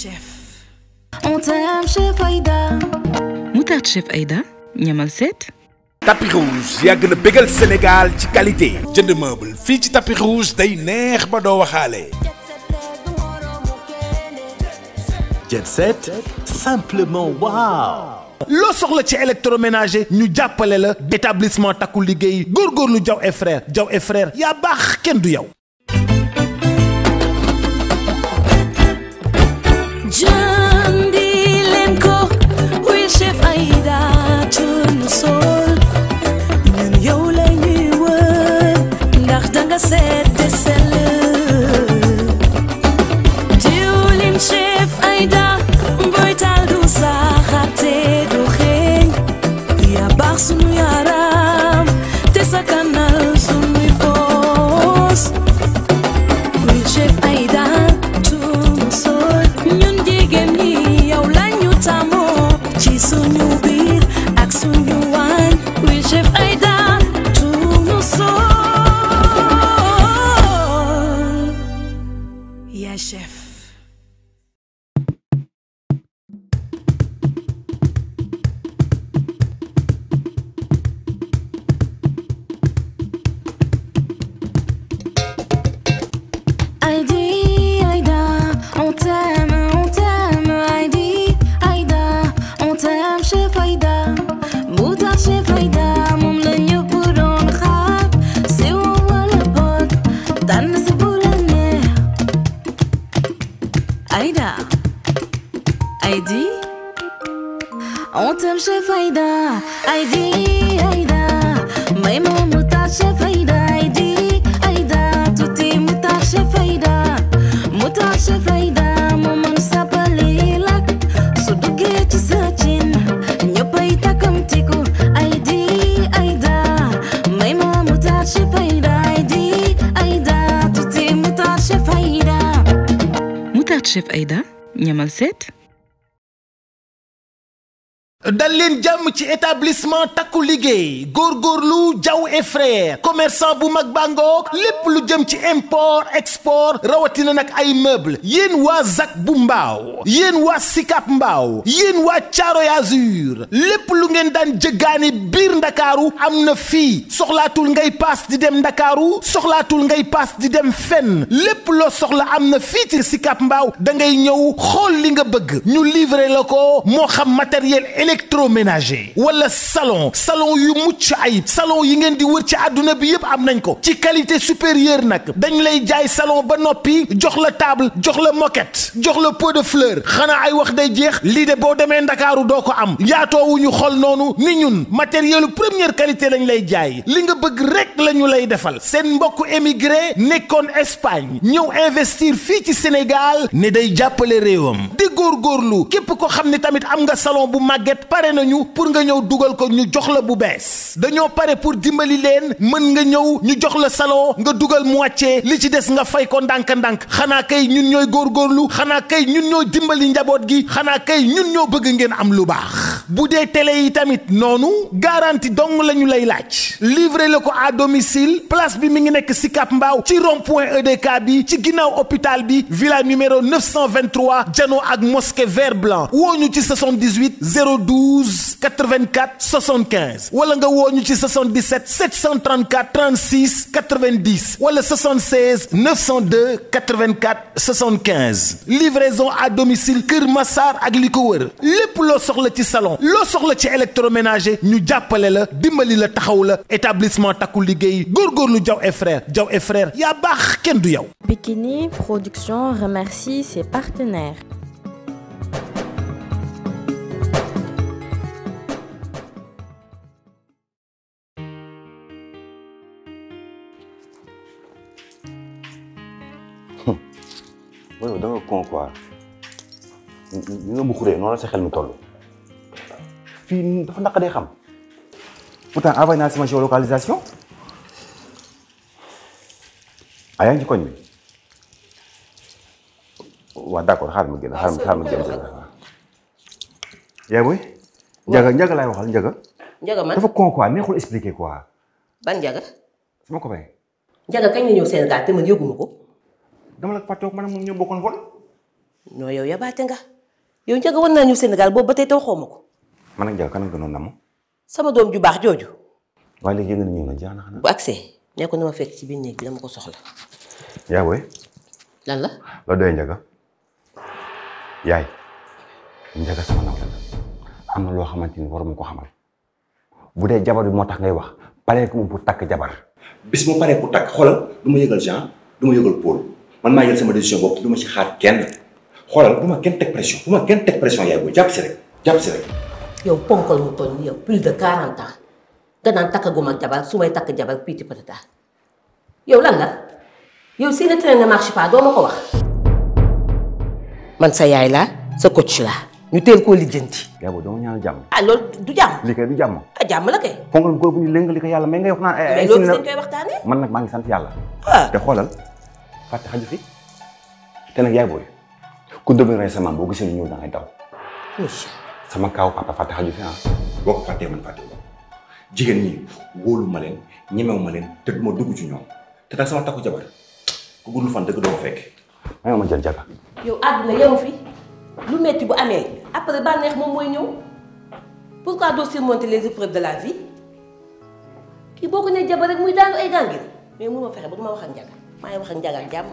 chef. rouge yàgg na bégal Sénégal ci qualité jënd meuble fii ci tapi rouge day neex ba doo waxaale. loo soxla ci électroménager ñu jàppale la établissement takku liggéey góorgóorlu Diaw et frères Diaw et frères yaa baax kenn du yow. Dans leen jàmm établissement Takuligé, liggéey góorgóorlu et frère. commerçant Boumak Bango, les plus lu import export rawatina immeuble, ay meuble Yenwa wa Zac bu mbaaw yéen Azur lépp lu ngeen daan jëggaani biir dakaru, sur la fii soxlaatul ngay d'Idem di dem ndakaaru soxlaatul ngay paas di dem fenn lépp loo soxla am na fii livrer matériel électrique électroménager wala salon salon yu mucc ay salon yi ngeen di wër ci àdduna bi yëpp am nañ ko ci qualité supérieure nag dañu lay jaay salon ba noppi jox la table jox la moquette jox la pot de fleur xanaa ay wax day jeex lii de boo demee ndakaaru doo ko am yaatoowuñu xol noonu ni ñun matériel première qualité lañ lay jaay li nga bëgg rek la ñu lay defal seen mbokk émigré nekkoon Espagne ñëw investir fii ci Sénégal ne day jàppale réewam di góor góorgóorlu képp ko xam ne tamit am nga salon bu màgget Paré nañu pour nga ñëw duggal ko ñu jox la bu bess dañoo paré pour dimbali leen mën nga ñëw ñu jox la salon nga dugal moitié li ci des nga fay ko ndànk-ndànk xanaa kay ñun gor gorlu xana kay ñun ñoy dimbali njabot gi xana kay ñun ñoo bëgg ngeen am lu baax bu dee télé yi tamit noonu garantie dong lañu lay laaj livré le ko à domicile place bi mi ngi nekk Sicap Mbao ci rond-point EDK bi ci ginnaaw hôpital bi villa numéro 923 jano ak mosquée vert blanc woñu ci 78 02 12 84 75 wala nga 77 734 36 90 wala 76 902 84 75 livraison à domicile Kër Massar ak li sur le lépp soxla ci salon loo soxla ci électroménager ñu jàppale la dimbali le taxaw la établissement takku liggéey góorgóorlu Diaw et frère Diaw et frère Bikini Production remercie ses partenaires. da nga con quoi li nga bu xuree noonu la sa xel mi toll fii dafa naq day xam pourtant envoyé naa sama géolocalisation ah yaa ngi ci koñ bi waaw d'accord xaaral ma génn ma xaaral njaga njaga laay njaga man dafa con njaga kañ la ñëw Sénégal te man yëguma ko dama la fàttewoog maanaam manam ñu bokkon vol. no yow yaa baate nga yow ñu war won ñëw Sénégal boobu ba tey taw xomako man ak Diaw kan nga non ma. sama dom ju bax joju waaye léegi yëngu na ñëw na jeex na. bu accès ne ko na fekk ci biir neeg bi dama ko soxla. ya way lan la. la doy ñaga yaay. ñaga sama nawle la am na loo xamante ni waruma ko xamal bu dé jabar bi motax ngay wax paré ko bu tak jabar. bis mu paré pour tak xolal duma ma Jean duma ma yëgal Paul man ma yel sama décision bop duma ci xaar kenn xolal bu kenn tek pression bu kenn tek pression yaay bo japp ci rek japp ci rek. yow ponkol mu toll yow plus de 40 ans nga naan takkaguma jabal sumay tak jabal jabar piiti patata yow lan la yow si le train ne marche pas do mako wax. man sa yaay la sa coach la ñu teel ko lijeenti yaabo boobu dama ñaan jàmm. ah lol du jam li kay du jam ah jam la kay. fonkal ko bu ñu leng li ko yalla may nga wax naan. ay ay sin na man nak ma ngi sant yàlla. te ah. xolal fatte xaju fi té nak yaay boy ku dobe ray sama bo gisé ñu da ngay daw sama kaw papa fatte xaju fi ha bok fatte man fatte jigen ñi wolu ma len ñemew ma len te duma dugg ci ñoom te tax sama jabar ku gudul fan deug do ko fekk may ma jël jaka yow aduna ya, yow fi lu metti bu amé après banex mom moy ñew pourquoi do surmonter les épreuves de la vie ki boo ko jabar rek muy daanu ay gangir mais ba wax ak jaka mấy bác ăn gần chấm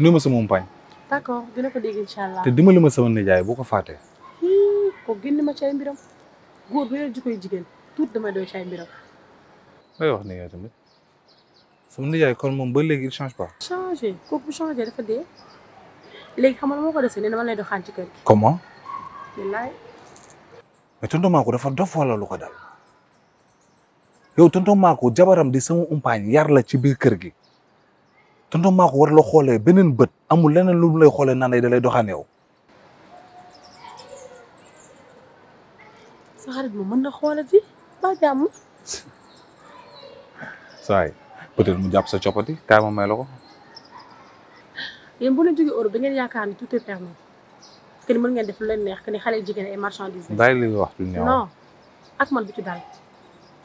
Numa ma sama mpañ d'accord dina ko dégg inshallah te dimbali ma sama nijaay bu ko fàtte ko génn ma ci ay mbiram góor bu yor jikoy jigéen tuut dama doy ci ay mbiram may wax ni tamit sama nijaay kon moom ba léegi il change pas changé kooku bu changé dafa dee léegi xamal moo ko dese ne dama lay doxaan ci kër gi comment billaay mais tonton maako dafa dof wala lu ko dal yow tonton maako jabaram di sama umpaañ yar la ci biir kër gi tonton maa ko war la xoolee beneen bët amul leneen lu mu lay xoolee naan da lay doxaan yow. sa xarit mën na xoolati ba jàmm. saay peut-être mu jàpp sa coppati kaay ma may la ko. yéen bu leen jógee Europe da ngeen yaakaar ni tout est permis que ni mën def lu leen neex que xale yu jigéen ay marchandises. daay li wax man bi ci daal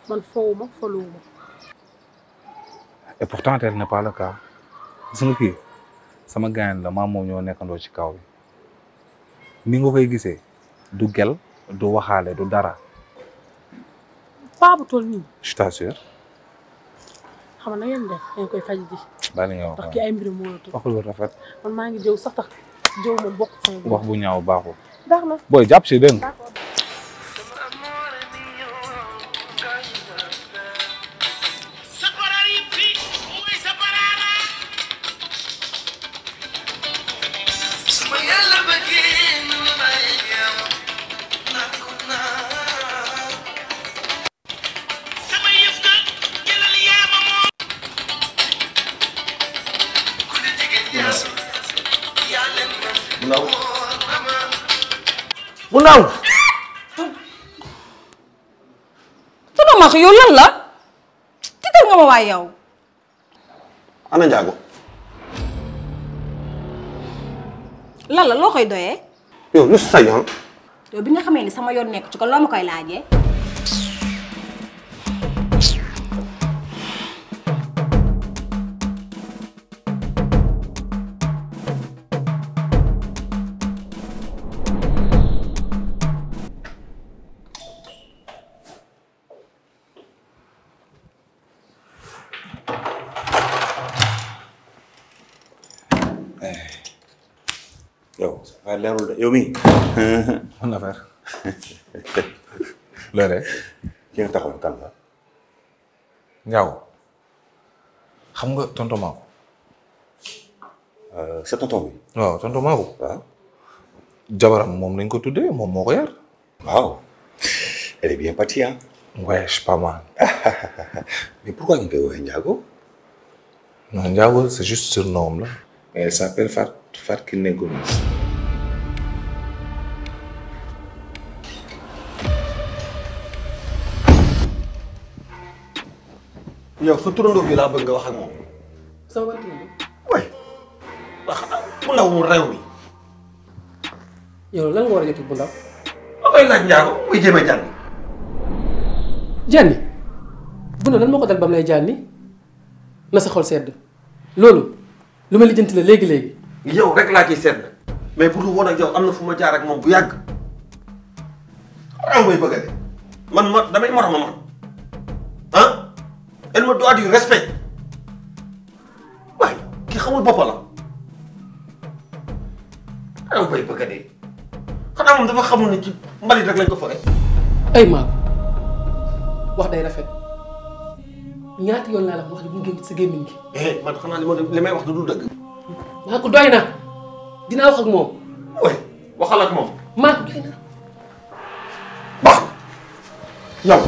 man foowu ma foluwu ma. et pourtant sama kii sama gaañ la maam moo ñoo nekkandoo ci kaw bi nga koy gisee du gel du waxaale du dara. paa bu toll nii. je t'assure. xam na ngeen def koy faj ji. baal nga wax maa ngi jëw sax tax jëw moom bokk bu ñaaw baaxul. baax jàpp si dégg wax yow lan la tiital nga ma waay yow. ana njaago. lan la loo koy doyee. yow lu sa yoon. yow bi nga xamee ni sama yoon nekk ci ko loo ma koy laajee. yow mii. am na affaire. loolu ki nga taxaw kan la. Ndiago xam nga ah, tonton Maako. sa tonton ah. bi. waaw tonton Maako. waaw. jabaram moom lañ ko tuddee moom moo ko yar. waaw. elle est bien partie hein. ouais je suis pas mal. mais pourquoi ñu koy woowee Niao? non Ndiago c'est juste surnom la. mais elle s'appelle Fat Fat Kiné Gomis. yow iya, su turundo bi la bëgg wax ak mom sama ban turando. way wax bu ndaw mu réew mi. yow lan nga war a jot bu ndaw. ay koy laaj muy jéem a bu ne lan moko dal bam lay jànni na sa xol sedd loolu lu ma la léegi léegi. yow rek laa ciy sedd. mais bu dul woon ak yow am fu ma jaar ak bu may bëgg man ma damay ma elle me doit du respect waaye qui est boppa la dama la wax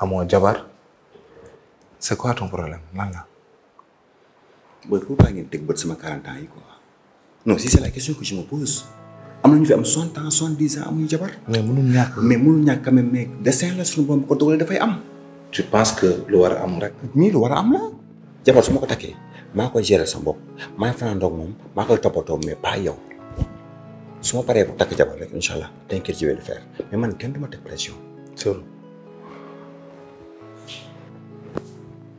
amoo jabar c'est quoi ton problème lan la. booy foofu baa ngeen teg bët sama 40 ans yi quoi non si c'est la question que je me pose am na ñu fi am 60 ans 70 ans amuñu jabar. mais mënul ñàkk mais mënul ñàkk quand même mais destin la suñu borom ko dogalee dafay am. je pense que lu war a am rek. nii lu war a am la. jabar su ma ko takkee maa koy gérer sa bopp maa fanaan doog moom maa koy toppatoo mais pas yow su ma paree bu takk jabar rek incha allah t'inquiète je vais le faire mais man kenn du ma teg pression.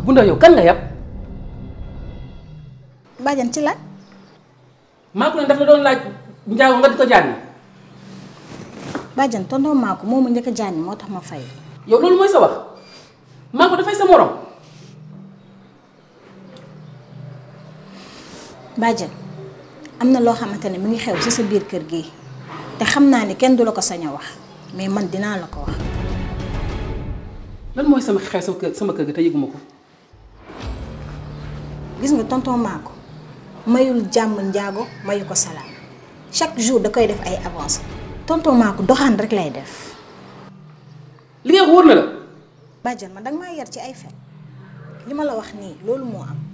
waa bu ndaw yow kan nga yab. Bajan ci la. maa ko ne daf la doon laaj njaago nga di ko jànni. bàjjan tonton maa ko moomu njëkk a jànni ma fay. yow loolu mooy sa wax maa ko dafay sa morom. bàjjan am na loo mi ngi xew ci sa biir kër gi te xamna ni kenn du la ko saña wax mais man dina la ko wax. lan moy sama xex sama kër sama kër gi tayeguma ko. gis nga tonton mako mayul jàmm ndiago mayuko salam chaque jour da koy def ay avancé tonton mako doxaan rek lay def. li nga wourna la. badjan man dag ma yar ci ay fait li la wax ni lolou mo am.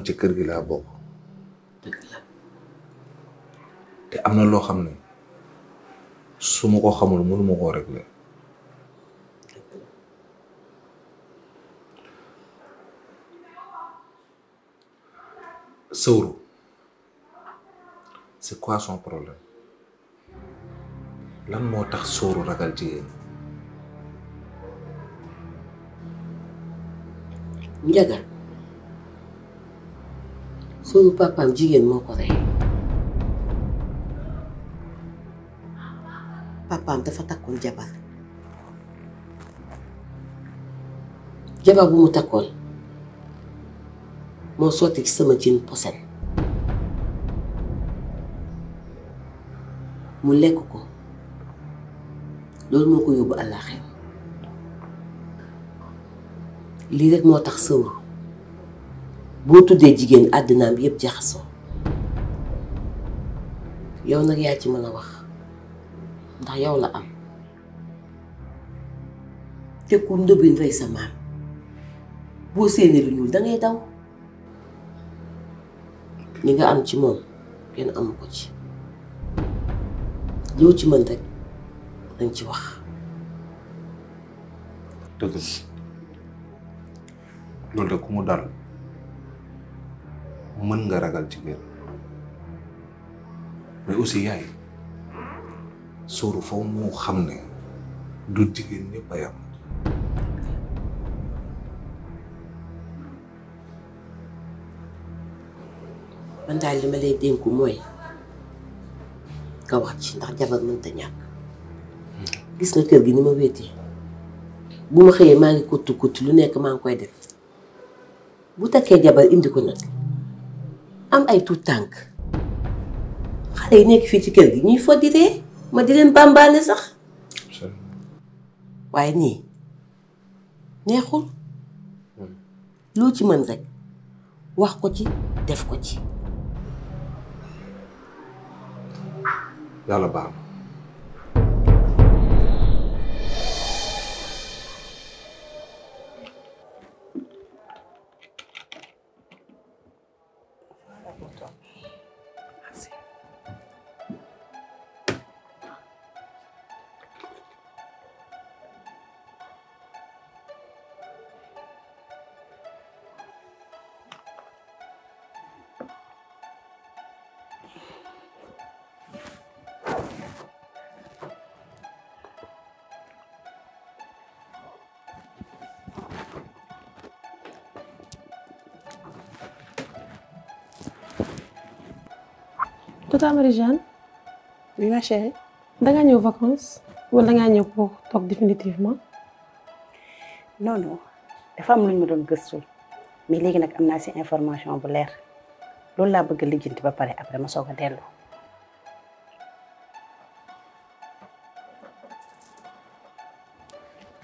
ci kër gi laa bokk te am na loo xam ne su ma ko xamul mënu ma koo régler Sowru c'est quoi son problème lan moo tax Sowru ragal jigéen ñi. Njaga. suñu papaam jigéen moo ko rey papaam dafa takkoon jabar jabar bu mu takkoon moo sotti ci sama cin posen mu lekk ko loolu moo ko yóbbu àllaaxew lii rek moo tax sëwru boo tuddee jigéen àddinaam yëpp jaxasoo yow nag yaa ci mën a wax ndax yow la am te ku ndóbin rey sa maam boo séenee lu ñuul dangay daw li nga am ci moom kenn amu ko ci loo ci mën rek dañ ci wax dëgg loolu de ku mu dara mën nga ragal jigéen mais aussi yaay sóoru faw moo xam ne du jigéen ñëpp a yam li ma lay dénku mooy nga wax ci ndax jabar te ñàkk gis nga kër gi ni ma wéetee bu ma xëyee maa ngi kottu kottu lu nekk maa ngi koy def bu takkee jabar indi ko nag am ay tout tank xale yi nekk fii ci kër gi ñuy fo di ma di len bàmbaane sax waaye nii neexul hmm. loo ci man rek wax ko ci def ko ci yalla baax Tata Marie-Jeanne oui ma ñëw vacances walla dangaa ñëw pour toog définitivement non non dafa am doon gëstu mais léegi nag am naa si information bu leer loolu laa bëgg lijjanti ba pare après ma soog a dellu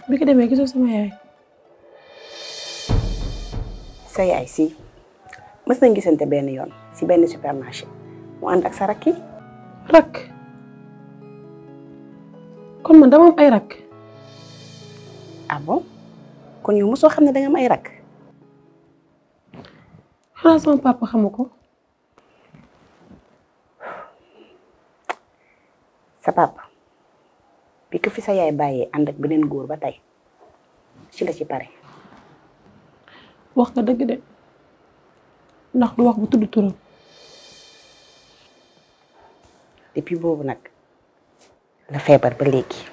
bi ko demee gisoo sama yaay sa yaay si mës nañ gisante benn yoon si benn supermarché ànd ak sa rakk yi rakk kon man dama am ay rakk ah bon kon yow mosoo xam ne danga am ay rakk xanaa sama papa xamu ko sa papa bi ko fi sa yaay bàyyee depuis boobu nag la feebar ba léegi.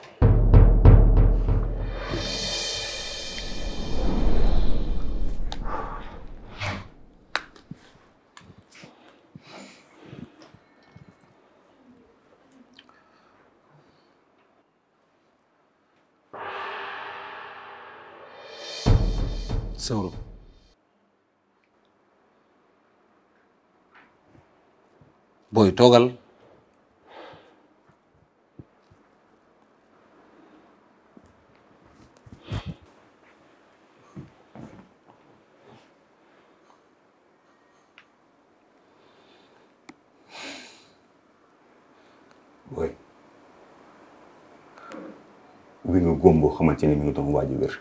ci ni mi ngi doon waaj wér.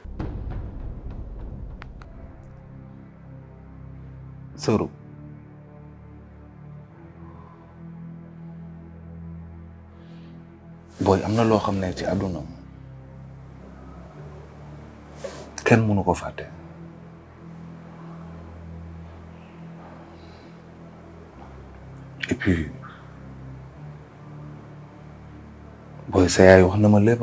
sëru booy am na loo xam ne ci àdduna kenn mënu ko fàtte. et booy sa yaay wax na ma lépp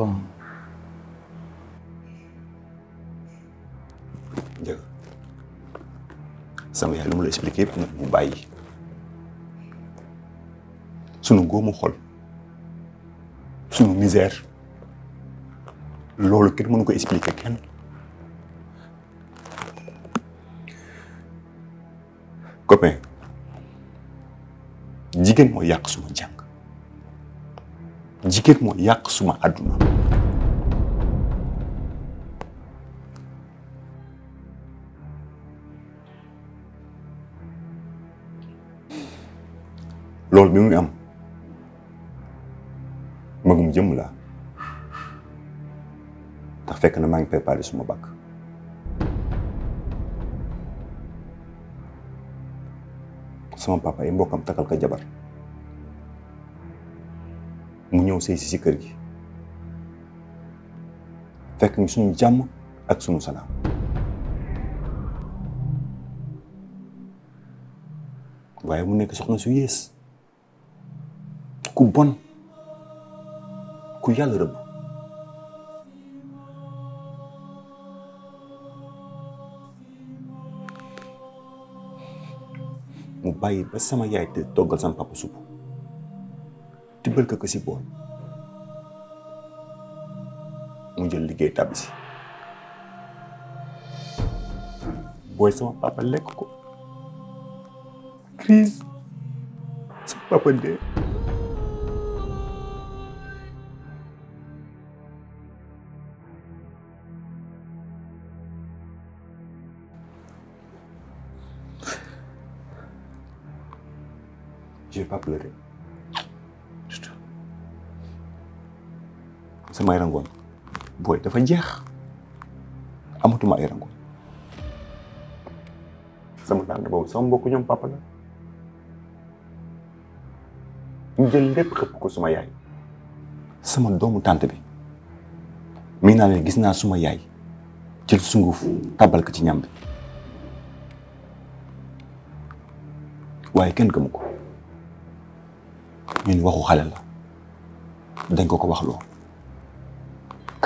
sama yalla lu mu expliquer pour yëpp mu bayyi sunu góomu xol sunu misère loolu kene mënu ko expliquer kenn copain jigen mo yak suma jang jigen mo yak suma aduna Ανάγκη πepari semua bak. sama papa yi mbokkam takkal ko jabar mu ñëw sëy si kër gi fekk ñu suñu jàmm ak suñu salaam waaye mu nekk soxna su yées ku bon ku yàlla rëbb bayi ba sama yaay te toggal sama papa supp tibbal ko ko si bool mu jël liggéey tàbb si booy sama papa lekk ko crise sama papa dee ba jeex amatuma ay rango sama tànk boobu sama mbokk ñoom papa la ñu jël lépp xëpp ko suma yaay sama doomu tante bi mii naa leen gis naa suma yaay jël sunguf tabal ko ci ñam bi waaye kenn gëmu ko ñun waxu xale la dañ ko ko wax loo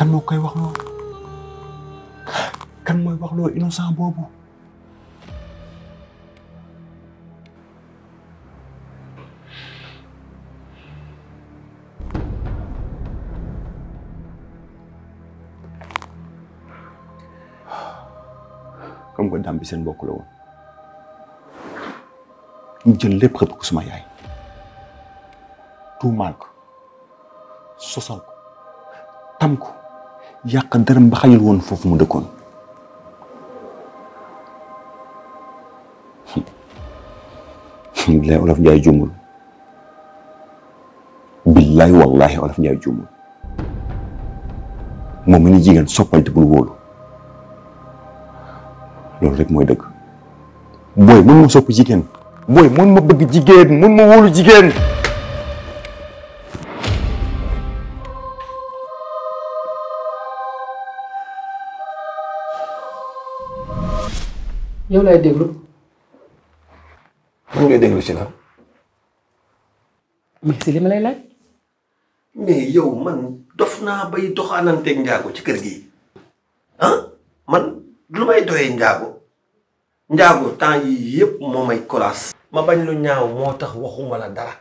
kan moo koy wax loolu kan mooy wax loolu innocent boobu comme que dam bi seen bokk la woon ñu jël lépp xëpp ko suma yaay tuumaal ko sosal ko tam ko yàq dërëm ba xayul woon foofu mu dëkkoon billahi olof njaay jumul billahi wallahi olof njaay jumul moom mi ni jigéen soppal te bul wóolu loolu rek mooy dëgg booy mën ma sopp jigéen booy mën ma bëgg jigéen ma wóolu jigéen yow lay déglu. lan ngay déglu ci la. mais si li ma lay laaj. mais yow man dof naa bay doxaananteeg njaago ci kër gi ah man lu may doyee njaago njaago temps yi yépp moo may kolaas. ma bañ lu ñaaw moo tax waxuma la dara.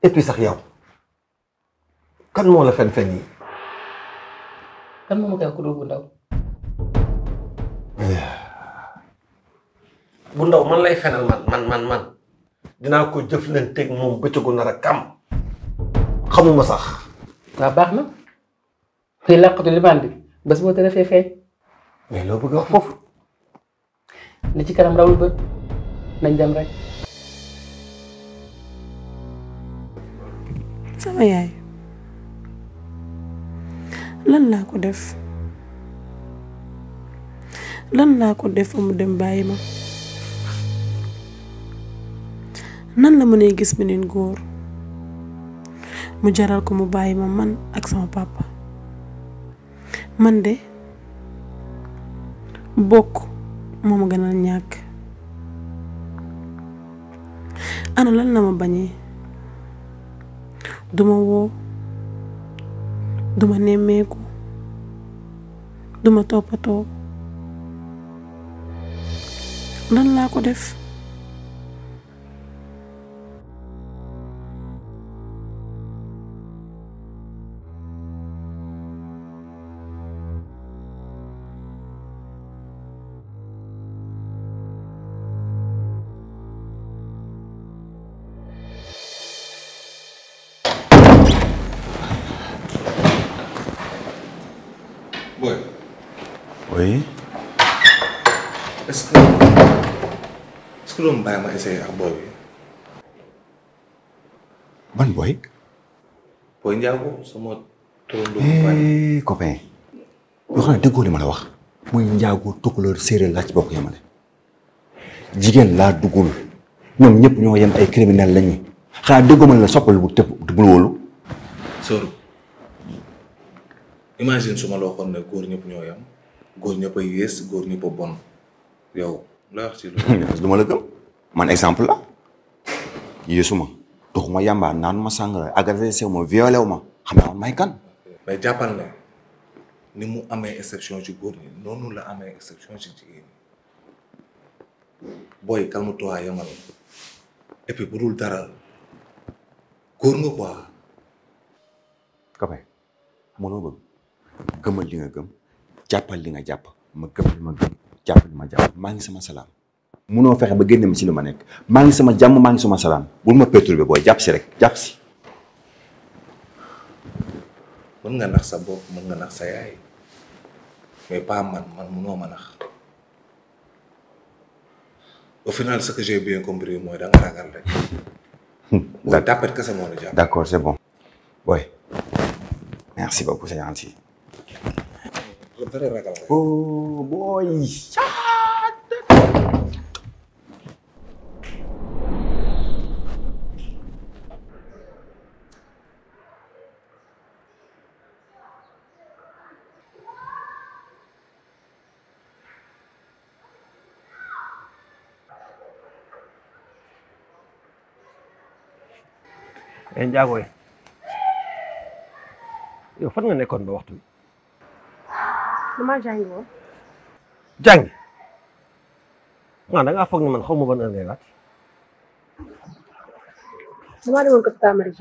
et puis sax yow kan moo la fen fen yi. kan moo ma koy wax bu ndaw. bu ndaw man lay fenal man man man man dinaa ko jëflanteeg moom bëccëgu nar a kam xamuma sax. waaw baax na kuy làqatu li baan bi bés boo tëree fee feeñ. mais loo foofu. li ci kanam rawul bët nañ dem rek. sama yaay lan laa ko def lan laa ko def fa mu dem bàyyi ma. nan la mënee gis beneen góor mu jaral ko mu bàyyi ma man ak sama papa man de bokk moo ma gënal ñàkk ana lan la ma bañee duma woo duma nemmeeku duma toppatoo lan laa ko def Boy. oui. est-ce que est ma essayer ak booy bi. ban eh, xam ne déggoo li ma la wax. muy Ndiago tukulóor séeréer laa ci bokk yemale. jigéen laa duggul. ñoom ñëpp ñoo yem ay criminel lañu. xanaa déggoo ma la soppal bu tëb bu wóolu. imagine su ma la waxoon ne ñoo yam góor ñëpp a yées góor bon yow la wax ma la man exemple la yéesuma doxuma yàmbaar naan ma sàngara agressé ma violé ma xam naa may kan. mais jàppal ne ni mu amee exception ci góor ñi noonu la amee exception ci jigéen ñi booy calme toi yamal et puis bu dul dara góor nga quoi. Kapay gëmal li nga gëm jàppal li nga jàpp ma gëm li ma gëm jàpp li ma jàpp maa ngi sama salaam munoo fexe ba génne ma ci li ma nekk maa ngi sama jàmm maa ngi sama salaan bul ma perturbé booy jàpp rek jàpp si nga nax sa bopp mën nga nax yaay mais pas man munoo ma nax au final ce que j'ai bien compris mooy da nga ragal rek hmm, da tàppat kese moo la jàpp d'accord c'est bon oui merci beaucoup c'est gentil loolu dara ragal nga. oh booy. e njaago ye yow fan nga nekkoon ba waxtu bi damaa jàngi woon. jàngi man da ngaa foog ni man xaw ban heure ngay laaj. damaa demoon ko tamari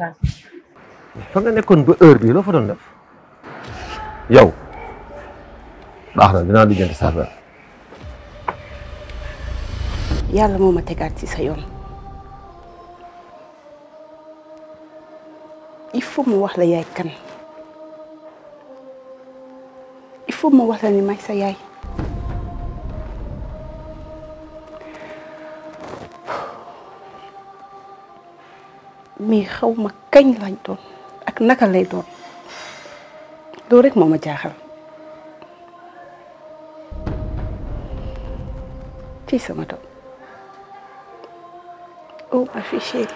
fa nga ba heure fa def. yow baax na dinaa lijjanti sa affaire. yàlla ci sa yoon. il faut mu wax la yaay kan. faut ma wax la ni may sa yaay mais xaw ma kañ lañ doon ak naka lay doon loolu rek moo ma jaaxal ci sama doom oh ma fi chérie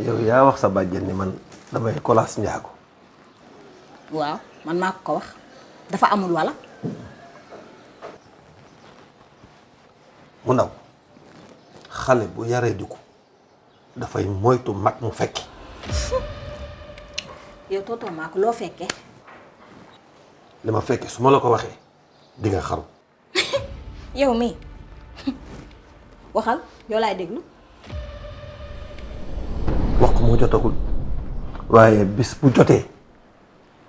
yow yaa wax sa bàjjen ni man damay kolaas njaago waaw man maa ko ko wax dafa amul wala mu ndaw xale bu yaree di ko dafay moytu mag mu fekki yow tootoo maa ko loo fekke li ma fekkee su ma la ko waxee dinga nga xaru yow mii waxal yow laay déglu moo jotagul waaye bis bu jotee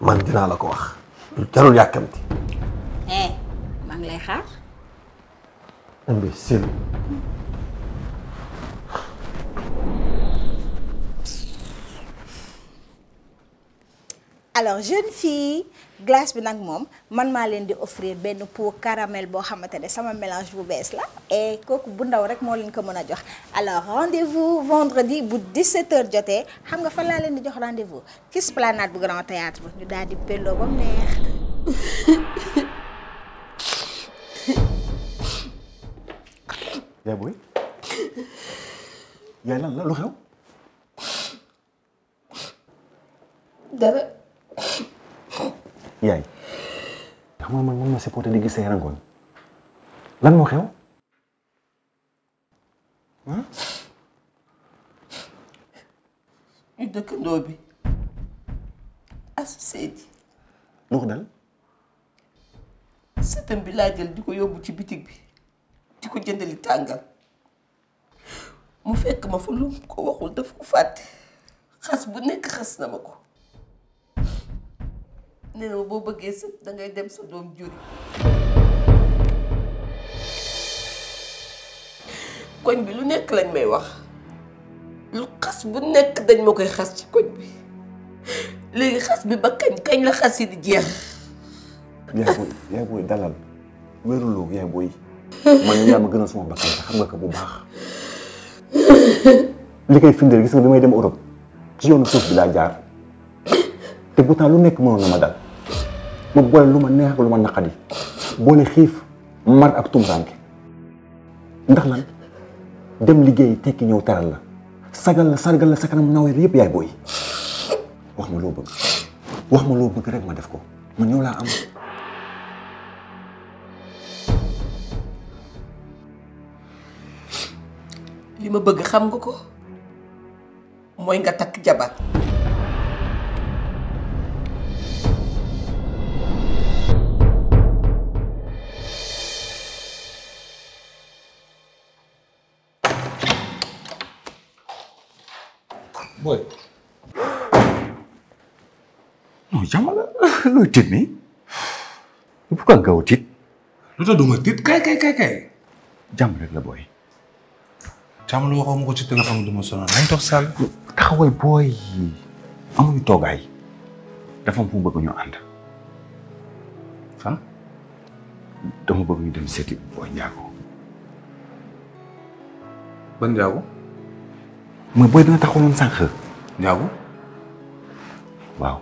man dinaa la ko wax lu jarul yàkkamti. eh maa ngi lay xaar. imbécile. alors jeune fille glace bi nag moom man ma len di offrir ben pot caramel bo xamante sama mélange bu bees la et kooku bu ndaw rek mo len ko meuna jox alors rendez-vous vendredi bu 17h jotee xam nga fa la len di jox rendez-vous ci planade bu grand théâtre ñu dal di pello bam neex. ya booy ya lan la lu xew. dara. yaay xam nga man man ma supporté di gis say rangoñ lan moo xew ñu dëkkandoo bi asu seedi lu ko bi laa jël di ko yóbbu ci bitig bi di ko jëndali tàngal mu fekk ma fa lu ko waxul daf ko fàtte xas bu nekk xas na ma ko nee boo bëggee sët da dem sa doom juri koñ bi lu nekk lañ may wax lu xas bu nekk dañ ma koy xas ci koñ bi léegi xas bi ba kañ kañ la xas yi di jeex. yaay booy yaay booy dalal wéruloo yaay booy man yaa ma gën a suma bakkan xam nga ko bu baax li koy firndeel gis nga bi may dem Europe ci yoonu suuf bi laa jaar. te lu nekk mënoon na ma dal ma boole lu ma neex ak lu ma naqadi boole xiif mar ak tumuraanke ndax lan dem liggéey tekki ñëw taral la sagal la sargal la sa kanam nawee yëpp yaay booy wax ma loo bëgg wax ma loo bëgg ma li ma bëgg xam nga ko mooy nga takk jabar Jimmy, lu bukan kau tit. Lu tuh cái tit kayak kayak kayak kayak. Jam lagi lah boy. Jam lu kamu kau cerita kamu tuh masalah. Nanti tuh sal. Tahu boy. Kamu itu gay. bao nhiêu anh, Dafa pun bagunya anda. Fan? Dama bagunya dem seti boy jago. Ban jago? Mau boy dengan tahu langsung ke? Jago? Wow.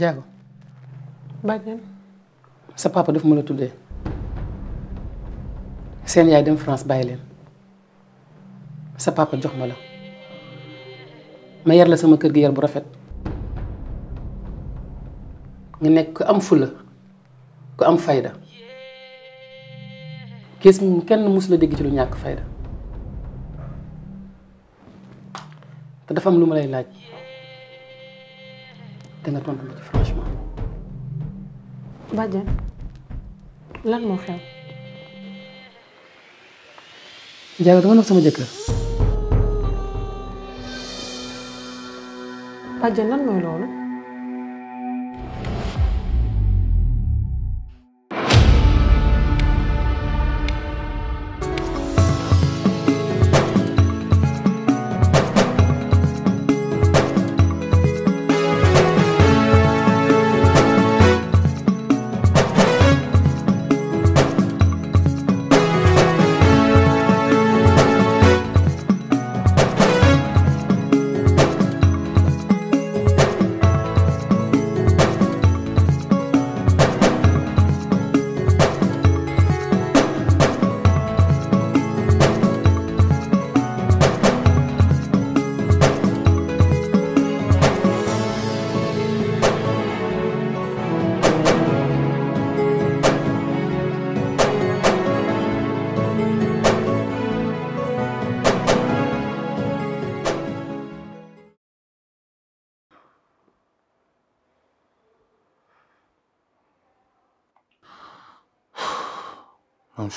jaago bàjjen sa papa daf ma la tuddee seen yaay dem France bàyyi leen sa papa jox ma la ma yar la sama kër gi yar bu rafet nga nekk ku am fula ku am fayda gis kenn mësu la dégg ci lu ñàkk fayda te dafa am lu ma lay laaj te nga tontu ci franchement. Badiane lan moo xew. Diallo dama nag sama jëkkër. Badiane lan mooy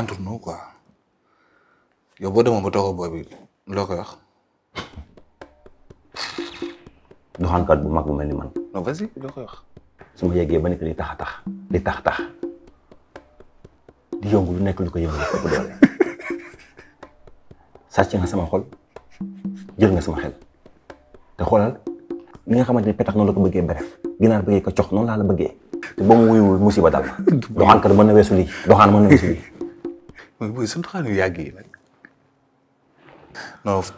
entre nous quoi yow ya boo demoon ba toog boobu loo koy wax. Ya? doxaankat bu mag bu mel man. non vas-y loo koy wax. su ma yeggee ba nekk li tax tax li tax tax di yëngu lu nekk lu ko yëngu ëpp doole sàcc nga sama xol jël nga sama xel te xolal ni nga xamanteni petax non la ko bëggee bref ginaar bëggee ko cox non la la bëggee te ba mu wuyuwul musiba dal ma doxaankat mën na weesu lii doxaan mën na weesu lii mais booy suñu xaar yu yàgg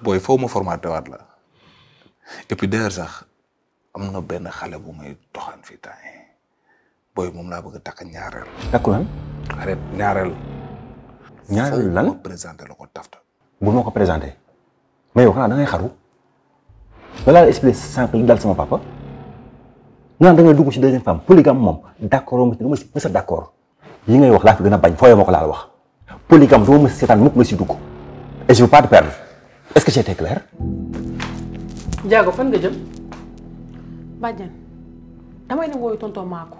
booy foo ma formaté waat la et puis sax am na benn xale bu may doxaan fii temps booy moom laa bëgg a takk ñaareel. takku lan. ñaareel. ñaareel lan présenté la ko tafta. bu ma ko présenté mais yow xanaa da ngay xaru balaa la expliqué papa naan da ngay dugg ci deuxième femme polygame moom d' accord moom si mës a d' yi ngay wax laa fi gën a bañ fooyee ma ko laal wax. polygame dama mukk ci et je veux pas te perdre est-ce que j'ai été clair. Diago fan nga jëm. Badiane damay tonto maako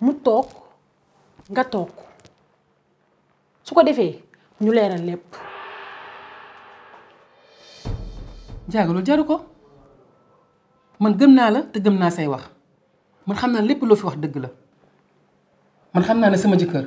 mu toog nga toog su ko ñu leeral lépp. Diago loolu jaru man gëm naa la te gëm naa say wax man xam naa lépp loo fi wax dëgg la man xam naa ne sama jëkkër.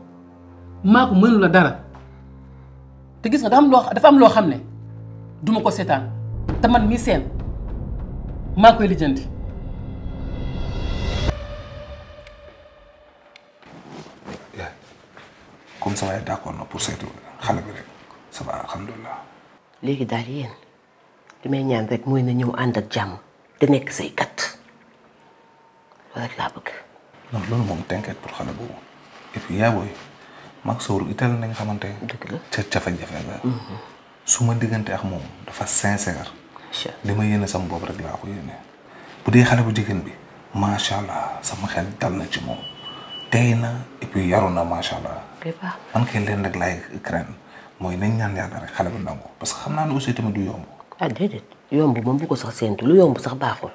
maa ko mënu la dara te gis nga dafa am loo dafa xam ne duma ko seetaan te mi seen maa koy lijjanti. comme ça waaye na pour saytu xale bi léegi daal yéen li may ñaan rek mooy na ñëw ànd jàmm te nekk say kat loolu loolu moom t'inquiète maag sawru ital nañ xamante ca jafe-jafe la su ma diggante ak moom dafa sincère li ma yéene sama bopp rek laa ko yene bu bu bi macha allah sama xel dal na ci moom tey na et puis yaru na macha allah man kay len rek laay craine mooy nañ ñaan yàlla rek xale bu nangu parce que xam naa aussi tamit du yomb a déedéet yomb yom bu ko sax sentu lu yomb sax baaxul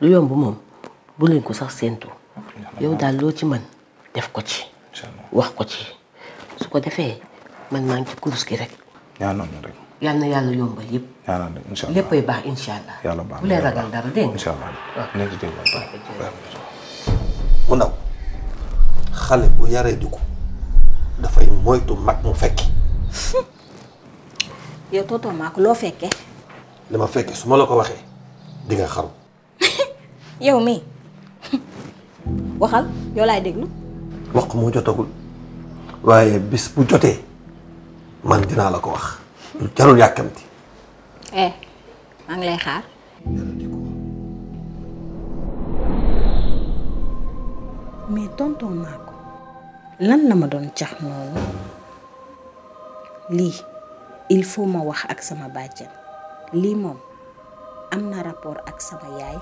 lu yomb mom bu len ko sax sentu yow dal lo ci man def ko ci wax ko ci su ko defee man Não não não. Não gi rek. ñaanal ñu Não, yal na yàlla yombal Não ñaanal rek incha allah léppay baax incha allah. yàlla está? bu leen ragal está? dégg nga. incha está? dinañ ci déglu está? ndaw xale bu está? di ko dafay está? mag mu fekki. está? tootoo maa ko está? fekkee. li ma está? su ma la está? waxee di nga está? yow mii waxal está? laay déglu. wax está? moo jotagul. waye bis bu joté man dina la ko wax jarul yakamti eh ma ngi lay xaar mais tonton mako lan na ma don cax noonu li il faut ma wax ak sama bàjjan li mom amna rapport ak sama yaay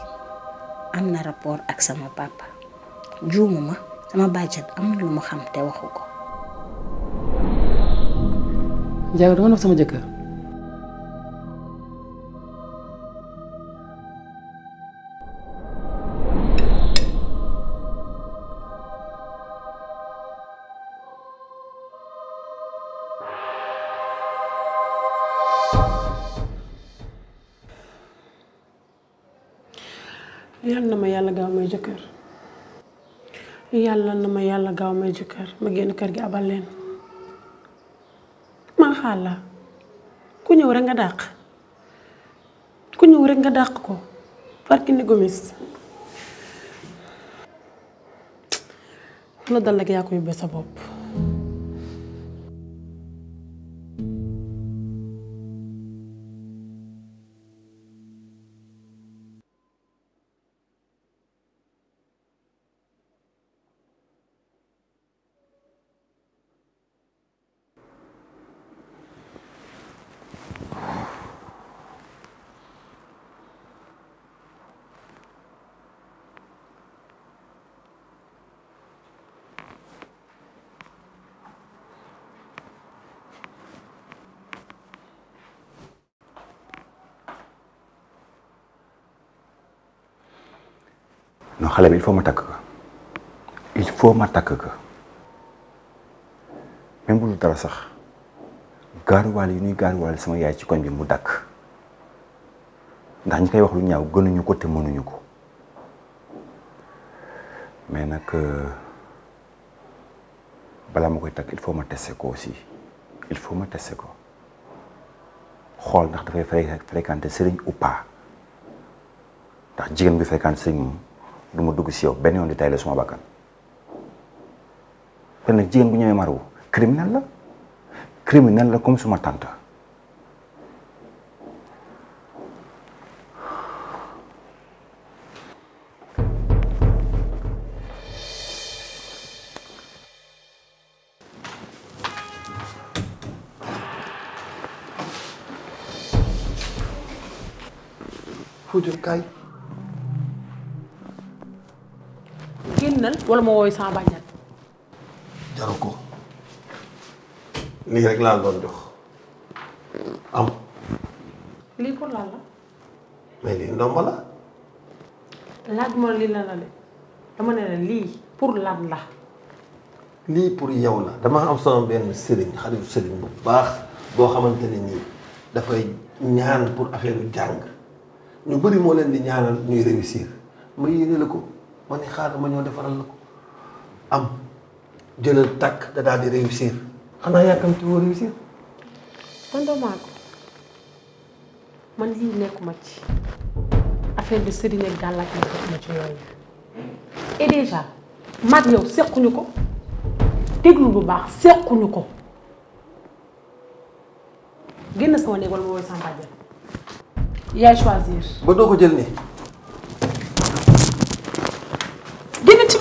amna rapport ak sama papa juumu sama bàjjan amna luma xam te waxuko Ndiago dama nopp sama jëkkër. yàlla yàlla gaaw may jëkkër yàlla na ma yàlla gaaw may jëkkër ma génn kër gi abal leen. faal la ku ñëw rek nga dàq ku ñëw rek nga dàq ko barki ni gomis la dal ak yaa ko yóbbee sa bopp xale bi il faut ma takk ko il faut ma takk ko même bu dul dara sax gaaruwaal yi ñuy gaaruwaal sama yaay ci koñ bi mu dakk ndax ñi koy wax lu ñaaw gënuñu ko te mënuñu ko mais nag euh, balaa moo koy takk il faut ma tester ko aussi il faut ma tester ko xool ndax dafay fréquenter sëriñ ou pas ndax jigéen bi fréquenter sëriñ du ma dugg ci yow ben yon di tay la suma bakkan te nag bu ñewé maru criminel la criminel la comme suma tante Futur kay wala ma wooyu sama bàjjan jaru ko lii rek laa doon jox am lii ko laal la mais lii ndomba la laaj ma lii la la de dama ne la lii pour lan la lii pour yow la dama am sama benn sëriñ xaritu sëriñ bu baax boo xamante ne nii dafay ñaan pour affaire jàng ñu bari moo leen di ñaanal ñuy réussir ma yéene la ko ma ne xaaral ma ñoo defaral la ko am jëlal takk da daal di réussir xanaa yàkkamti woo réussir tonton Maodo man lii nekkuma ci affaire bi sëriñ ak gàllaaj nekkuma ci yooyu et déjà maag yow sequñu ko déglu bu baax sequñu ko génn sama néeg wala ma woy yaay choisir ba doo ko jël nii génn ci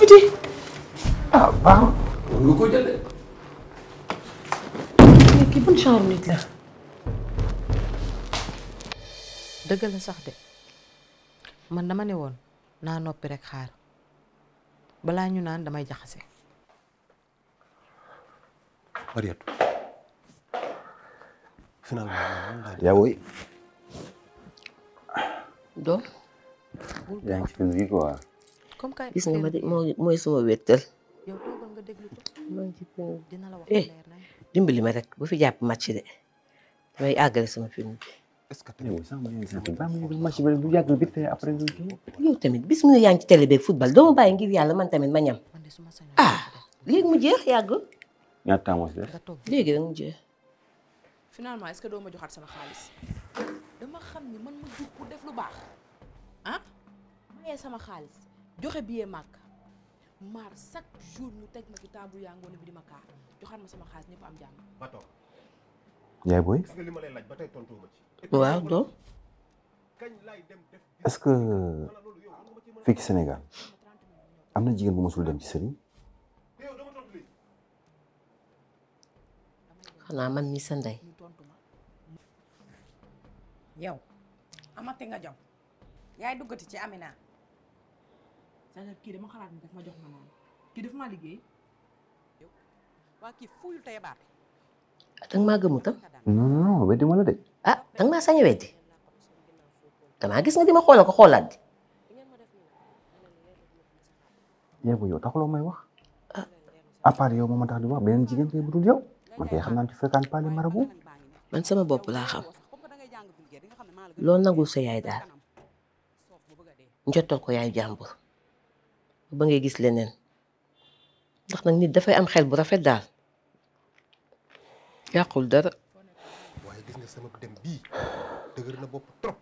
ah baaxul. lu ko jëlee. mais kii ban genre nit la. de man dama ne woon naa noppi rek xaar balaa ñu naan damay jaxase. Mariette finalement. woy. ci quoi. comme gis nga ma sama yow toogal nga déglu ko. dina la wax eh, leer na dimbali ma rek bu fi jàpp match de damay àggale sama film bi. est-ce que tamit yow tamit bis mu ne yaa ngi ci télé beeg football doo ma bàyyi ngir yàlla man tamit ma ñam ah léegi mu jeex yàgg. ñaata temps moo si def. léegi rek mu jeex. finalement est-ce que doo ma joxaat sama xaalis dama xam ni man ma jug def lu baax ah mayee sama xaalis joxe billet màkk mar chaque jour ñu tek ma ci tambu ya ngone bi di ma kaar joxaat ma sama xaalis ñep am jamm ba toog. yaay boy est-ce que li ma lay laaj ba tey tontu ma ci. waaw doo. est-ce que fii ci Sénégal amna jigen bu musul dem ci sëriñ. Eh, xanaa man mi sa nday yow amate nga jom yay duggati ci Amina c'est-à-dire kii dama xalaat ni daf ma jox ma naan kii daf maa liggéey. waa kii fuyul mana baate. danga maa gëmu tam. non non non la de. ah danga maa sañ wedi. weddi damaa gis nga di ma xoolal ko xoolaat iya, di. yeewu yow taxuloo may wax. ah à part yow moom ma tax di wax beneen jigéen kay budul yow man kay xam naa ne fekkaan paale marabu. man sama xam. nangul sa yaay njottal ko ba ngay gis leneen ndax nag nit dafay am xel bu rafet daal yàqul dara waaye gis nga sama dem bii dëgër na bopp trop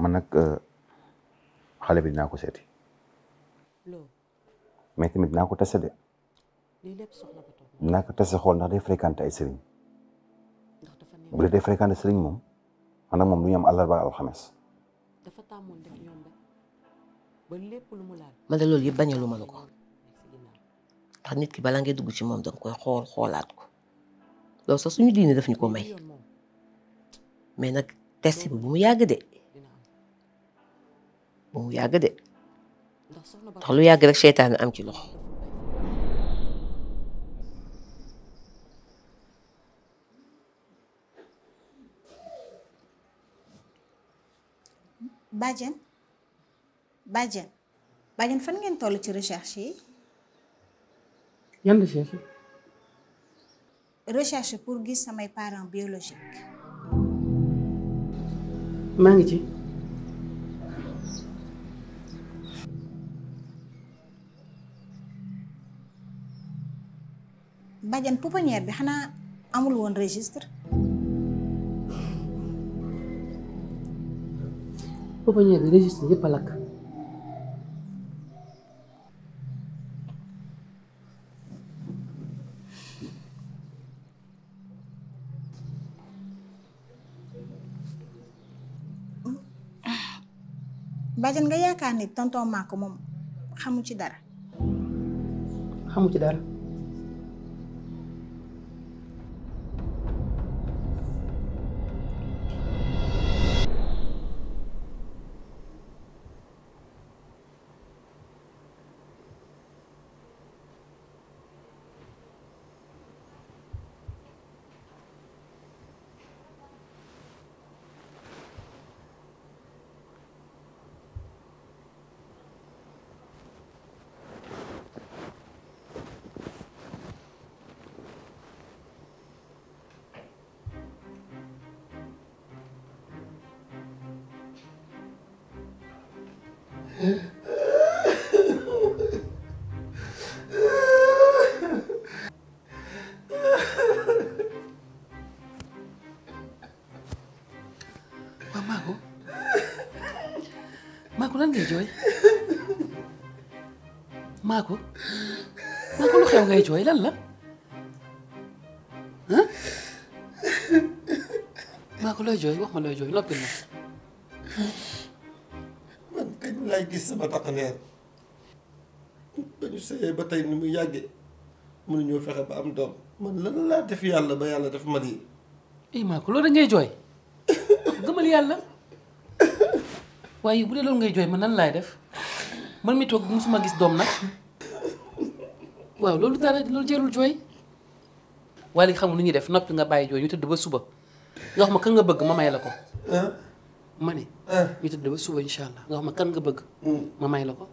man nag xale bi dinaa ko seeti mais tamit naa ko tase de naa ko tase xool ndax day fréquenté ay sëriñ bu dee day fréquenté sëriñ moom man nag moom du ñu am àllarba alxames ba lépp lu mu laal man de bañalu ma la ko nit ki balaa ngay dugg ci moom danga koy xool xoolaat ko loolu sax suñu diine daf ñu ko may mais nag test bi bu mu yàgg de bu mu yàgg de ndax lu yàgg rek seytaane am ci loxo. Badiane bàjjen bàjjen fan ngeen tollu ci recherche yi. yan recherche. recherche pour gis sama parents biologiques. ma ngi ci. bàjjen pouponnière bi xana amul won registre. pouponnière bi registre yëpp a Badiane nga yaakaar ni tonton Mako moom xamu ci dara. xamu ci dara. maako jooy maa ko maa ko lu xew ngay jooy lan la ah looy jooy wax ma looy jooy noppi na. man kañ laay gis sama taqaneer ba ñu sëyee ba tey ni mu yàggee mënuñoo fexe ba am doom man lan laa def yàlla ba yàlla def man yi. eh maa loolu da ngay jooy gëmal yàlla. waaye bu dee loolu ngay jooy man nan laay def man mi toog musuma gis doom nag waaw loolu dara loolu jërul jooy waaye li xamul nu ñuy def noppi nga bàyyi jooy ñu tëdd ba suba nga ma kan nga bëgg ma may la ko ma ne ñu tëdd suba insha allah nga wax ma kan nga bëgg ma may la ko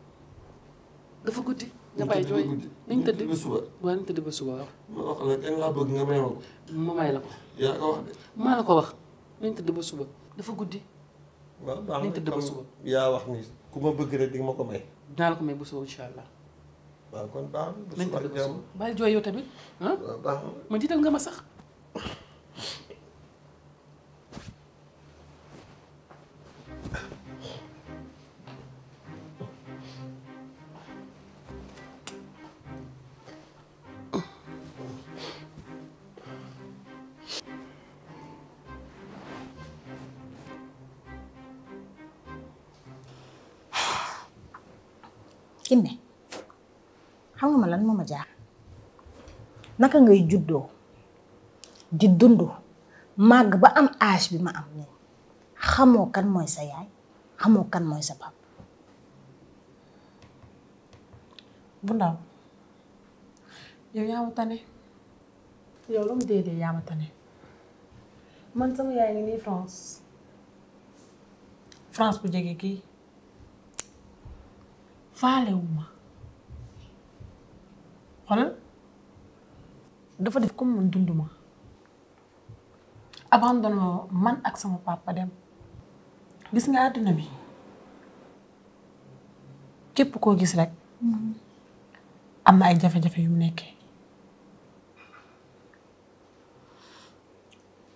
dafa guddi nga bàyyi jooy nañu tëdd ba suba waaw nañu tëdd ba wax la kan ma may la ko wax de maa la ko wax nañu tëdd ba suba dafa guddi waaw baax nañ tëdd ba suba yaa wax ni ku ma bëgg rek di nga ma ko may. dinaa la ko may bu suba incha allah. waaw kon baax na bu nañ tëdd ba suba bàyyi tamit. Ah? waaw baax na ma jiital nga ma sax. kinne xam nga lan moo jaar naka ngay juddo di dundu mag ba am âge bi ma am ni xamo kan moy sa yaay xamo kan moy sa pap bu ndaw yow yaa ma tane yow lu mau dee yaa ma tane man sama yaay ngi France France bu jege ki faalewu ma dafa def comme man dund ma man ak sama papa dem gis nga àddina bi képp koo gis rek am na ay jafe-jafe yu mu nekkee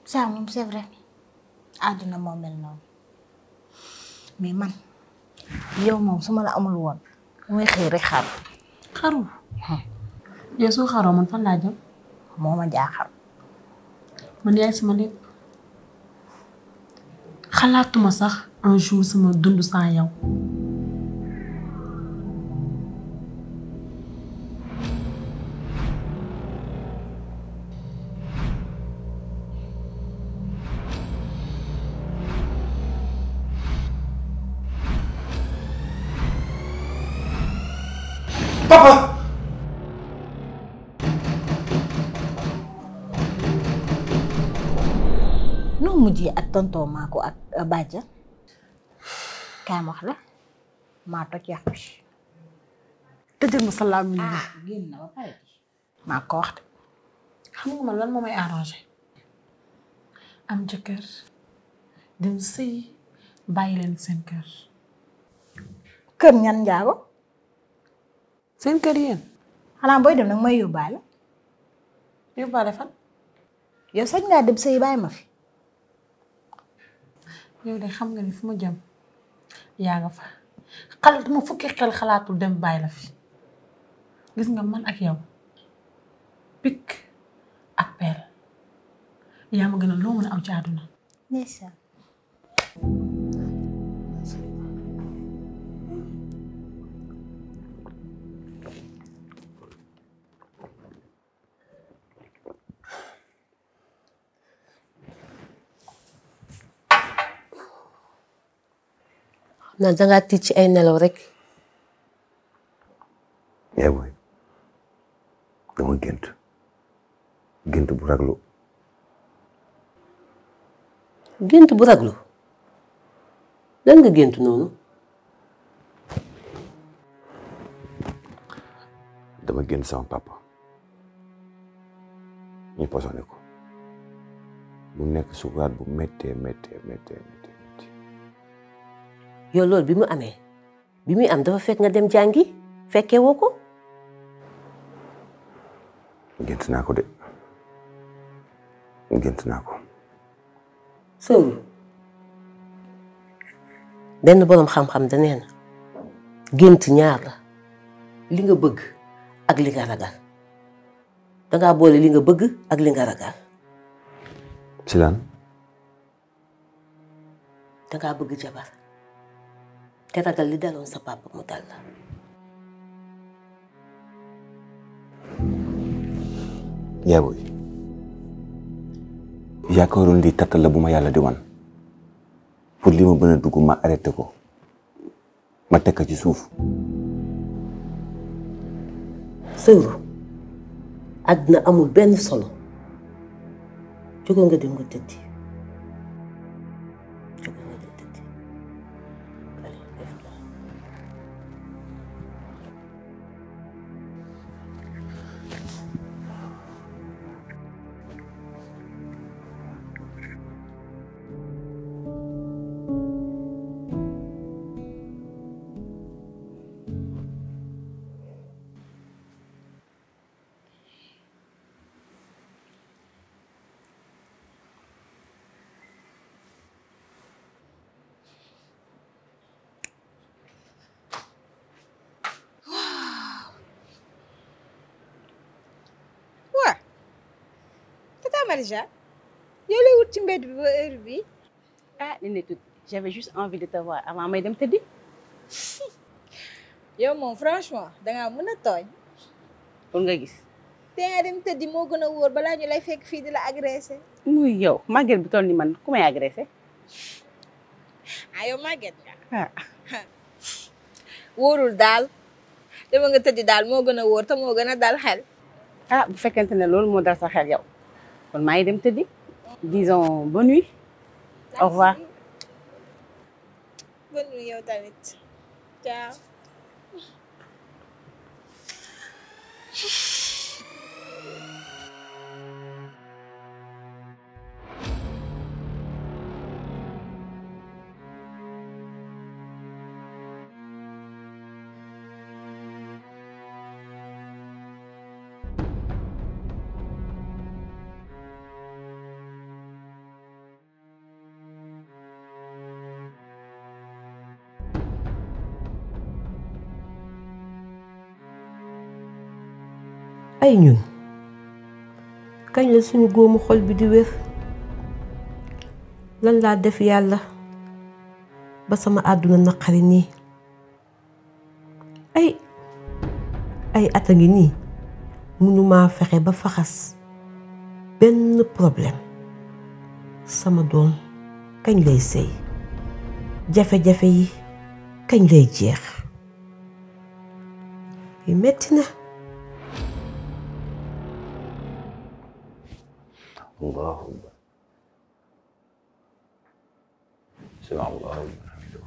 ça moom c'est vrai àddina moo mel noonu mais man yow moom su la amul woon mooy xëy rek xaru. xaru. léegi soo xaroo man fan laa moo ma jaaxal. man yaay sama lépp. xalaatuma sax un jour sama dund sans yow. tontoo Maako ak euh, Badja kaay ma la maa toj yàq ma salaam yi. ah génn na ba pare. maa ko wax de xam nga man lan moo may arrangé am jëkkër dem sëy bàyyi leen seen kër. kër ñan njaago seen kër yéen. xanaa booy dem nag may yóbbaale. yóbbaale fan. yow sañ ngaa dem sëy bàyyi ma fi. yow de xam nga ni fu ma jëm yaa nga fa xalaat ma fukki xel xalaatul dem bàyyi la fi gis nga man ak yow picc ak peel yaa ma gën a loo mën a am ci àdduna. na dangaa tiit ci ay nelaw rek. yaay booy dama gént gént bu raglu. gént bu raglu lan gént noonu. dama gént sama papa ñu posone ko mu nekk sukuraat bu méttee méttee méttee. yow loolu bi mu amee bi muy am dafa fekk nga dem jàngi fekkee woo ko. gént naa ko de gént naa ko. sëwru benn boroom xam-xam da nee gént ñaar la li nga bëgg ak li nga ragal dangaa boole li nga bëgg ak li nga ragal. ci lan. dangaa bëgg jabar te ragal sa papa yaa booy yaakaaroon di tattal la bu ma yàlla di wan pour li ma bën a ma arrêté ko ma teg ko ci suuf Sëyru àddina amul benn solo jógal nga dem nga j'avais juste envie de te voir avant dem dit Yo, mon franchement dangaa mën a tooñ. pour nga gis. Tu as dem te moo gën a wóor balaa ñu lay que di la agresser. Tu yo, bi toll ni man tu agressé. Ayo, ah. Tu nga ah. te dal, mo que te mo gëna dal xel. ah bu ne lool mo dal sa xel yow kon ma dem disons bonne nuit. au revoir. Buen video, David. Chao. ay ñun kañ la suñu góomu xol bi di wér lan laa def yàlla ba sama àdduna naqari nii ay ay at a ngi nii mënumaa fexe ba faxas benn problème sama doom kañ lay sëy jafe-jafe yi kañ lay jeex yu metti na الله أكبر سمع الله لمن حمده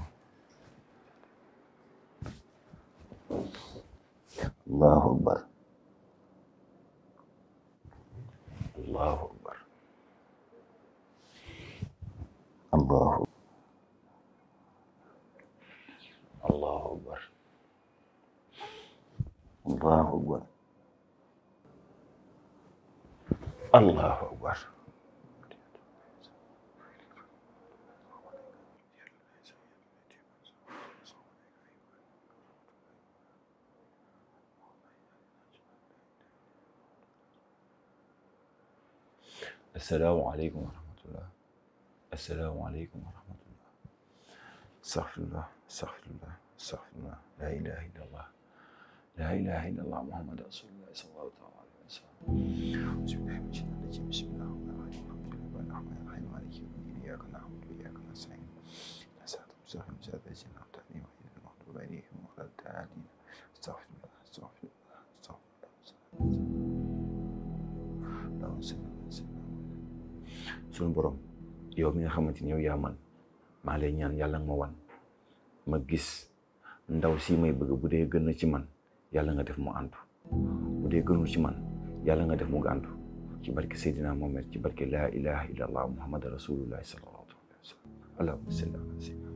الله أكبر الله أكبر الله أكبر الله أكبر الله أكبر الله أكبر السلام عليكم ورحمة الله السلام عليكم ورحمة الله استغفر الله استغفر الله استغفر الله لا إله إلا الله لا إله إلا الله محمد رسول الله صلى الله عليه وسلم sun borom yow mi nga xamante ni yow yaa man maa lay ñaan yàlla nga ma wan ma gis ndaw si may bëgg bu dee gën na ci man yàlla nga def mu àntu bu dee gënul ci man yàlla nga def mu gàntu ci barke Seydina Mohamed ci barke laa ilaha illa allah muhammad rasulullah sallallahu alayhi wa sallam allahumma salli ala sayyidina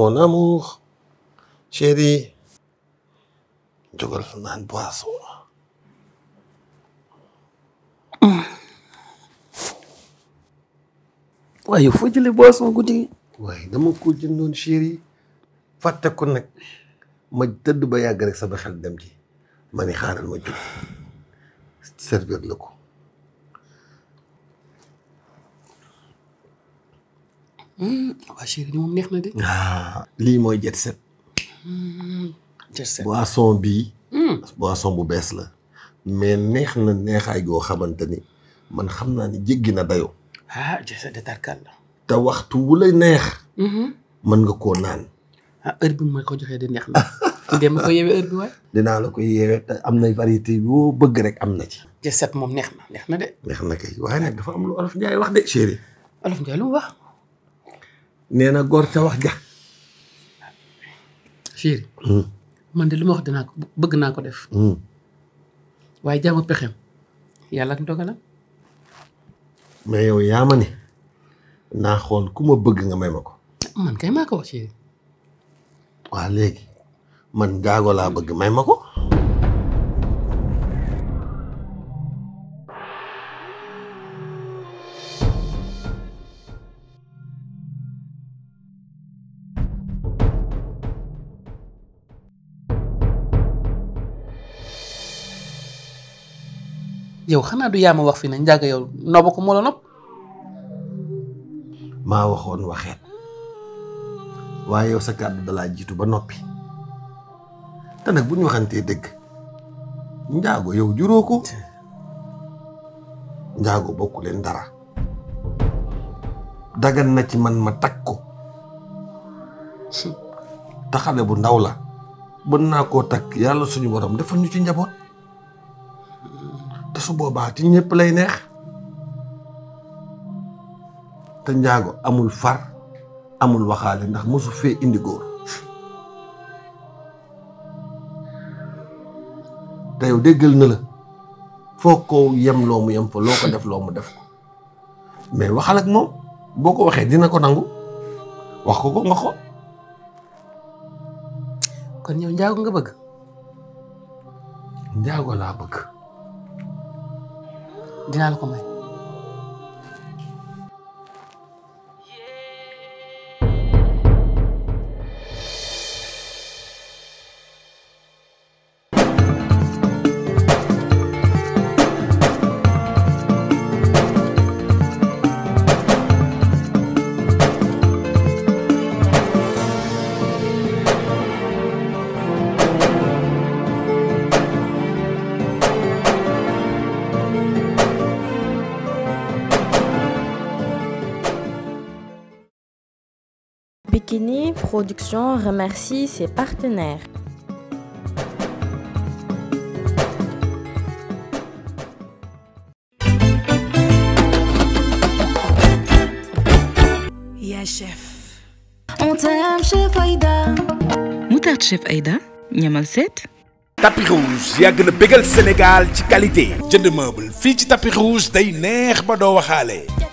Mon amour, chérie. Jógal une boisson. waaye foo jëlee boisson guddi gi. waaye dama ko jëndoon chérie. fàtte ko Je suis tëdd ba yàgg rek sama xel dem ci ma ni xaaral ma servir la ko. waa chérie neex na de. Ah, lii mooy jet set. Hmm, jet boisson bii. Hmm. boisson bu bees la. mais neex na neexa goo xamante ni man xam naa ni jéggi na dayoo. ah jet set de tarkal la. te waxtu wu la neex. Hmm. mën nga koo naan. ah heure bi ma ko joxee de neex na. di dem ma ko yeewee la ko yeewee te am na variété yoo bëgg rek am na ci. jet moom neex na neex na neex na kay waaye nag dafa am lu olof Ndiaye wax de chérie. olof Ndiaye lu wax. nee na gor ca wax ja chéri hmm. man de lu ma wax dinaa ko bëgg naa ko def hmm. waaye jaamu pexem yàlla ak ndogalam mais yow yaa ma ne naa xool ku bëgg nga may ma ko man kay maa ko wax chéri waaw léegi man jaago laa bëgg may ma ko yow xana du yama wax fi ne njaga yow nob mo la nop ma waxoon waxeet waaye yow sa da la jitu ba nopi nak waxante deug njago yow juroko njago bokku len dara dagan na ci man ma takko ta xale bu ndaw la mën naa suñu borom defal ñu ci njabot su boobaa ti ñépp lay neex te njaago amul far amul waxaale ndax mosu fee indi góor te yow déggal na la foo ko yem loo mu yem fa loo ko def loo mu def ko mais waxal ak moom boo ko waxee dina ko nangu wax ko ko nga ko kon yow njaago nga bëgg njaago laa bëgg dinaa la production remercie ses partenaires. chef. On t'aime, chef Aïda. Moutard, chef Aïda. mal 7. Tapis rouge, y'a que le bégal Sénégal, qualité. J'ai de meubles, fiche tapis rouge, d'ailleurs, bado wahale. Yeah.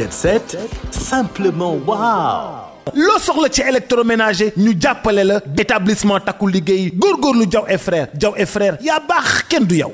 Jet set simplement waouh! le soxla électroménager ñu jàppale le établissement takku liggéey góorgóorlu Diaw et frère, frère et frère, y'a du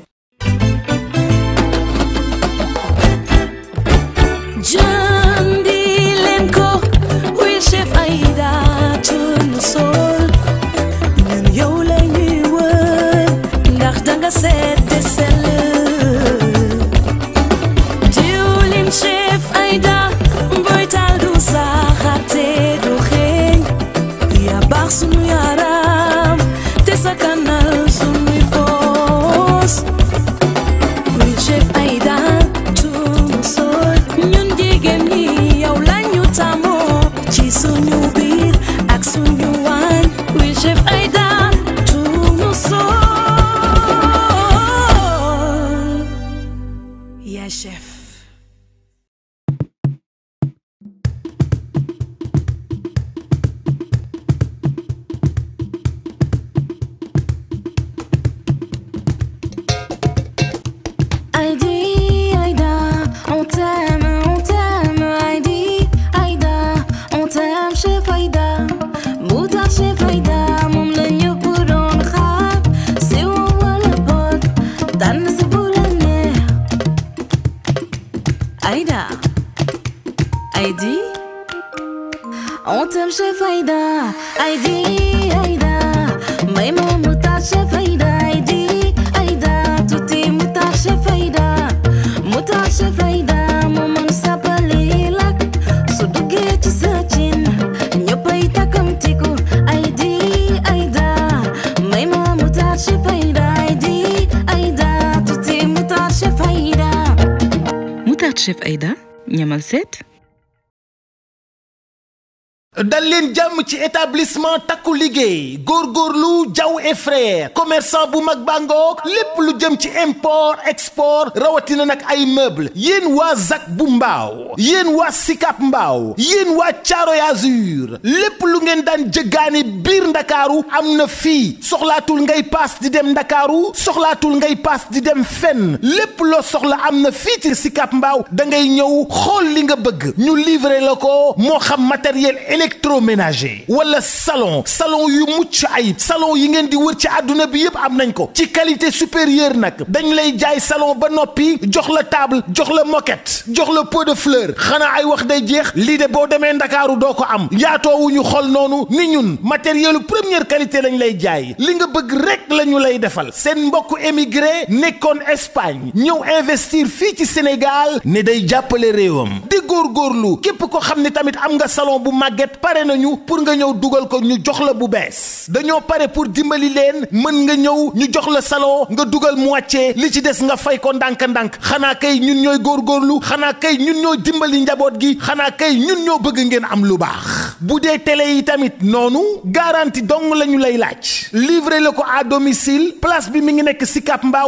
jàmm ci établissement takku liggéey góorgóorlu jaw et frère commerçant bu mag bàngook lépp lu jëm ci import export rawatina nag ay meuble yéen waa zak bu mbaaw yéen waa sikap mbaaw yéen waa Caaroy Azur lépp lu ngeen daan jëggaani biir ndakaaru am na fii soxlaatul ngay paas di dem ndakaaru soxlaatul ngay paas di dem fenn lépp loo soxla am na fii ci sikap mbaaw da ngay ñëw xool li nga bëgg ñu livrer la ko xam matériel électroménager ménager wala salon salon yu mucc ay salon yi ngeen di wër ci àdduna bi yëpp am nañ ko ci qualité supérieure nag dañ lay jaay salon ba noppi jox la table jox la moquette jox la pot de fleur xanaa ay wax day jeex lii de boo demee ndakaaru doo ko am yaatoowuñu xol noonu ni ñun matériel première qualité lañ lay jaay li nga bëgg rek la ñu lay defal seen mbokk émigré nekkoon Espagne ñëw investir fii ci Sénégal ne day jàppale réewam di góor góorgóorlu képp ko xam ne tamit am nga salon bu màgget pare nañu pour nga ñëw duggal ko ñu jox la bu bees dañoo pare pour dimbali leen mën nga ñëw ñu jox la salon nga duggal moitié li ci des nga fay ko ndànk Dank. xana kay ñun gor gorlu xana kay ñun ñoy dimbali njabot gi xana kay ñun ñoo bëgg ngeen am lu baax bu dee télé yi tamit noonu garantie dong lañu lay laaj livré le ko à domicile place bi mi ngi nekk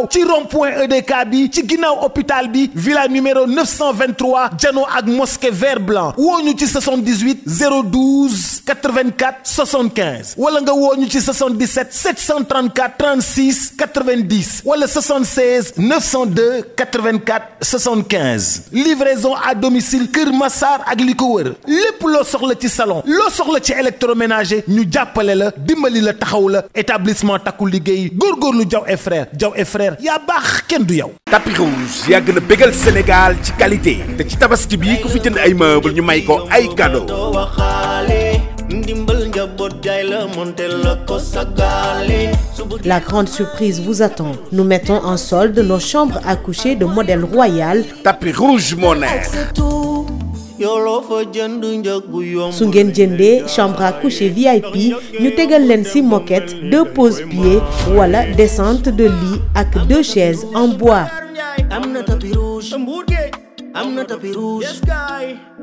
ci rond-point EDK bi ci ginnaaw hôpital bi villa numéro 923 jano ak mosquée vert blanc woñu ci 78 012 84 75 wala nga woo ñu ci 77 734 36 90 wala 76 902 84 75 livraison à domicile Kër Massar ak li ko wër lépp loo soxla ci salon loo soxla ci électroménager ñu jàppale la dimbali la taxaw la établissement takku liggéey góorgóorlu Diaw et frère Diaw et frère yaa baax kenn du yow. tapis rouge yàgg na bégal Sénégal ci qualité te ci tabaski bi ku fi jënd ay meubles ñu may ko ay cadeaux. La grande surprise vous attend. Nous mettons en solde nos chambres à coucher de modèle royal. Tapis rouge, mon Sungen jende, chambre à coucher VIP ñu tégal moquette deux pose pieds voilà descente de lit avec deux chaises en bois.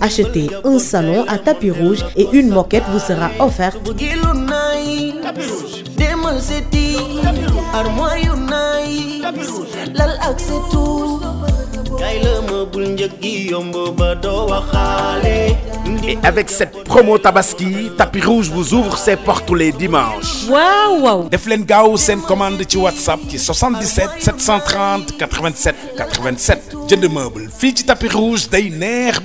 Achetez un salon à tapis rouge et une moquette vous sera offerte. Et avec cette promo Tabaski, Tapis Rouge vous ouvre ses portes tous les dimanches. Waouh wow. Def c'est une commande sur WhatsApp est 77 730 87 87 Je de meubles. ci Tapis Rouge day neex